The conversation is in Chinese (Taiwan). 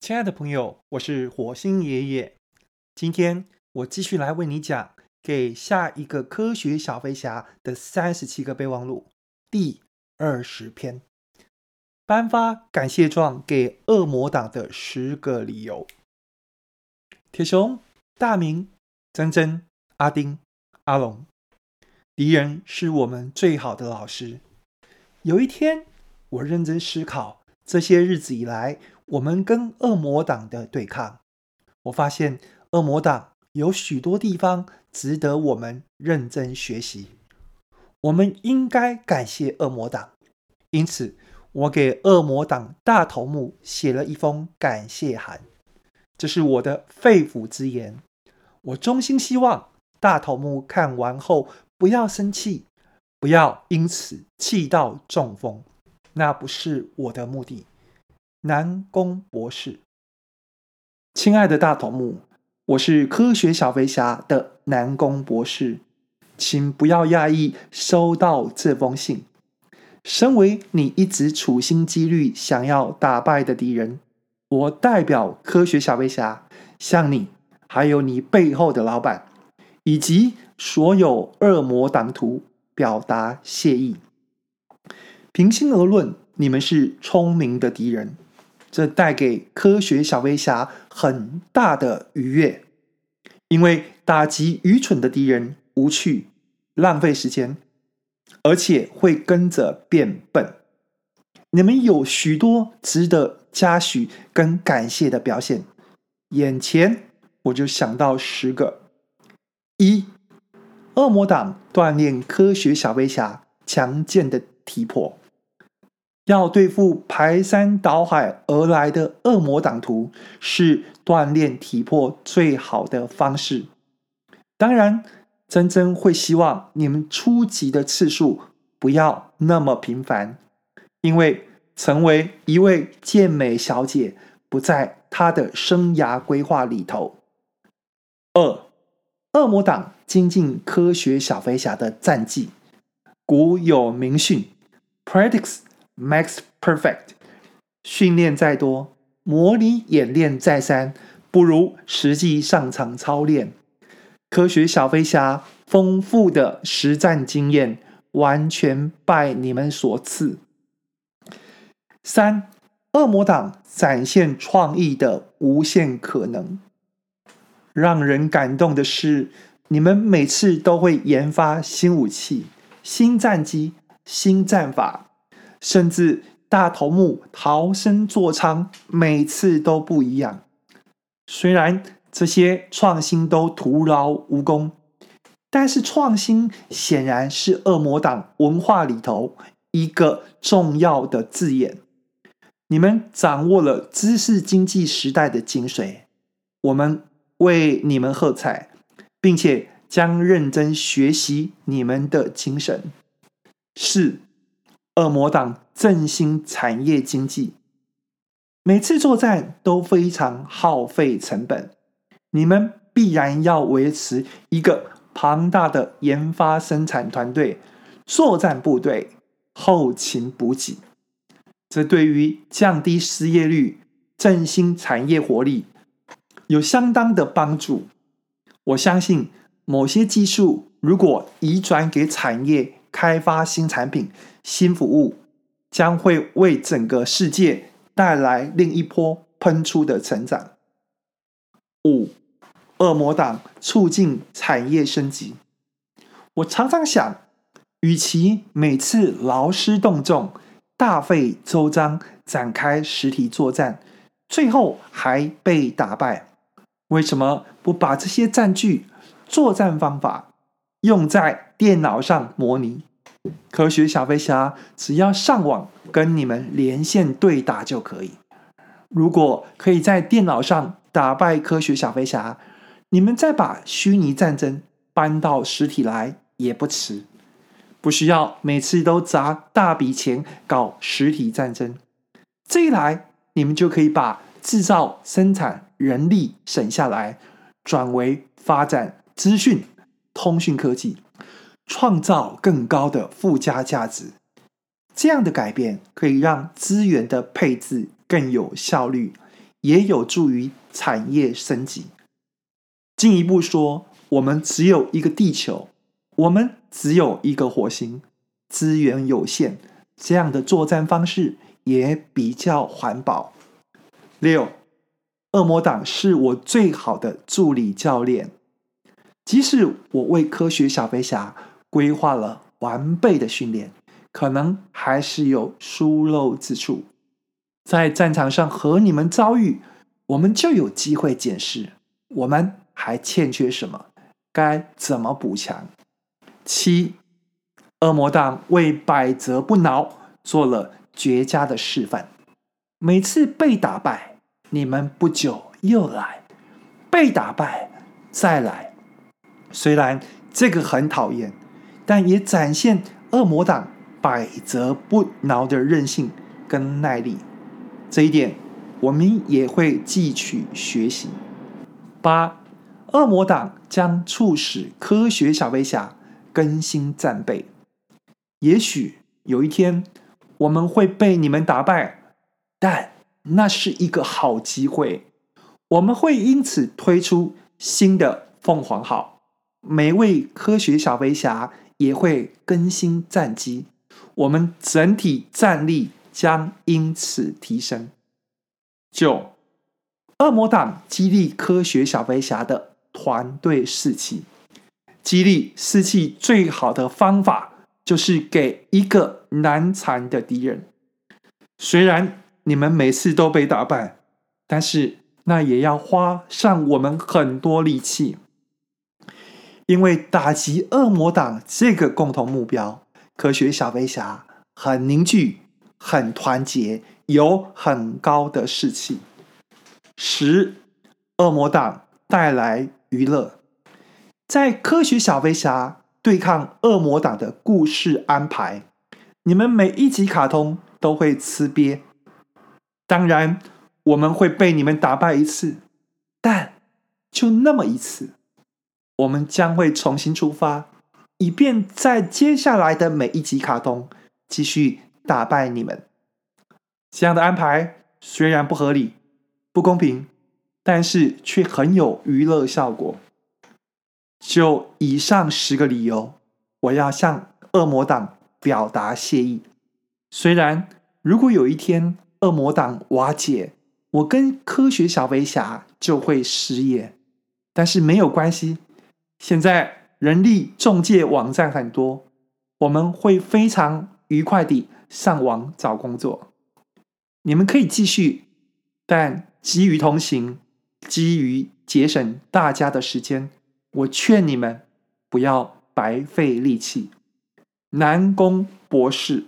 親愛的朋友，我是火星爺爺。今天我繼續來為你講《給下一個科學小飛俠的三十七個備忘錄》第二十篇：頒發感謝狀給惡魔黨的十個理由。鐵雄、大明、珍珍、阿丁、阿龍，敵人是我們最好的老師。有一天，我認真思考。這些日子以來，我們跟惡魔黨的對抗，我發現惡魔黨有許多地方值得我們認真學習。我們應該感謝惡魔黨，因此我給惡魔黨大頭目寫了一封感謝函，這是我的肺腑之言。我衷心希望大頭目看完後不要生氣，不要因此氣到中風，那不是我的目的。南宮博士，親愛的大頭目，我是科學小飛俠的南宮博士，請不要訝異收到這封信。身為你一直處心積慮想要打敗的敵人，我代表科學小飛俠，向你，還有你背後的老板，以及所有惡魔黨徒，表達謝意。平心而論，你們是聰明的敵人。這帶給科學小飛俠很大的愉悅，因為打擊愚蠢的敵人無趣、浪費時間，而且會跟着變笨。你們有許多值得嘉許跟感謝的表現，眼前我就想到十個：一、惡魔黨鍛鍊科學小飛俠強健的體魄。要對付排山倒海而來的惡魔黨徒，是鍛鍊體魄最好的方式。當然，珍珍會希望你們出擊的次數不要那麼頻繁，因為成為一位健美小姐不在她的生涯規劃裡頭。二、惡魔黨精進科學小飛俠的戰績。古有明訓，practice。Max Perfect，訓練再多，模擬演練再三，不如實際上場操練。科學小飛俠豐富的實戰經驗，完全拜你們所賜。三、惡魔黨展現創意的無限可能。讓人感動的是，你們每次都會研發新武器、新戰機、新戰法。甚至大頭目逃生座艙每次都不一樣。雖然這些創新都徒勞無功，但是創新顯然是惡魔黨文化裡頭一個重要的字眼。你們掌握了知識經濟時代的精髓，我們為你們喝彩，並且將認真學習你們的精神。是。惡魔黨振興產業經濟，每次作戰都非常耗費成本，你們必然要維持一個龐大的研發生產團隊、作戰部隊、後勤補給。這對於降低失業率、振興產業活力有相當的幫助。我相信，某些技術如果移轉給產業，開發新產品、新服務，將會為整個世界帶來另一波噴出的成長。五，惡魔黨促進產業升級。我常常想，與其每次勞師動眾、大費周章展開實體作戰，最後還被打敗，為什麼不把這些戰具、作戰方法用在電腦上模擬？科學小飛俠只要上網跟你們連線對打就可以。如果可以在電腦上打敗科學小飛俠，你們再把虛擬戰爭搬到實體來也不遲。不需要每次都砸大筆錢搞實體戰爭，這一來你們就可以把製造、生產、人力省下來，轉為發展資訊通訊科技。創造更高的附加價值，這樣的改變可以讓資源的配置更有效率，也有助於產業升級。進一步說，我們只有一個地球，我們只有一個火星，資源有限，這樣的作戰方式也比較環保。六，惡魔黨是我最好的助理教練，即使我為科學小飛俠。規劃了完備的訓練，可能還是有疏漏之處。在戰場上和你們遭遇，我們就有機會檢視我們還欠缺什麼，該怎麼補強。七，惡魔黨為百折不撓做了絕佳的示範。每次被打敗，你們不久又來；被打敗，再來。雖然這個很討厭，但也展現惡魔黨百折不撓的韌性跟耐力，這一點我們也會繼續學習。八，惡魔黨將促使科學小飛俠更新戰備。也許有一天我們會被你們打敗，但那是一個好機會。我們會因此推出新的鳳凰號。每位科學小飛俠。也會更新戰機，我們整體戰力將因此提升。九，惡魔黨激勵科學小飛俠的團隊士氣。激勵士氣最好的方法，就是給一個難纏的敵人。雖然你們每次都被打敗，但是那也要花上我們很多力氣。因為打擊惡魔黨這個共同目標，科學小飛俠很凝聚、很團結，有很高的士氣。十，惡魔黨帶來娛樂，在科學小飛俠對抗惡魔黨的故事安排，你們每一集卡通都會吃癟。當然，我們會被你們打敗一次，但就那麼一次。我們將會重新出發，以便在接下來的每一集卡通繼續打敗你們。這樣的安排雖然不合理、不公平，但是卻很有娛樂效果。就以上十個理由，我要向惡魔黨表達謝意。雖然如果有一天惡魔黨瓦解，我跟科學小飛俠就會失業，但是沒有關係。現在人力仲介網站很多，我們會非常愉快地上網找工作。你們可以繼續，但急於同行，急於節省大家的時間，我勸你們不要白費力氣。南宮博士。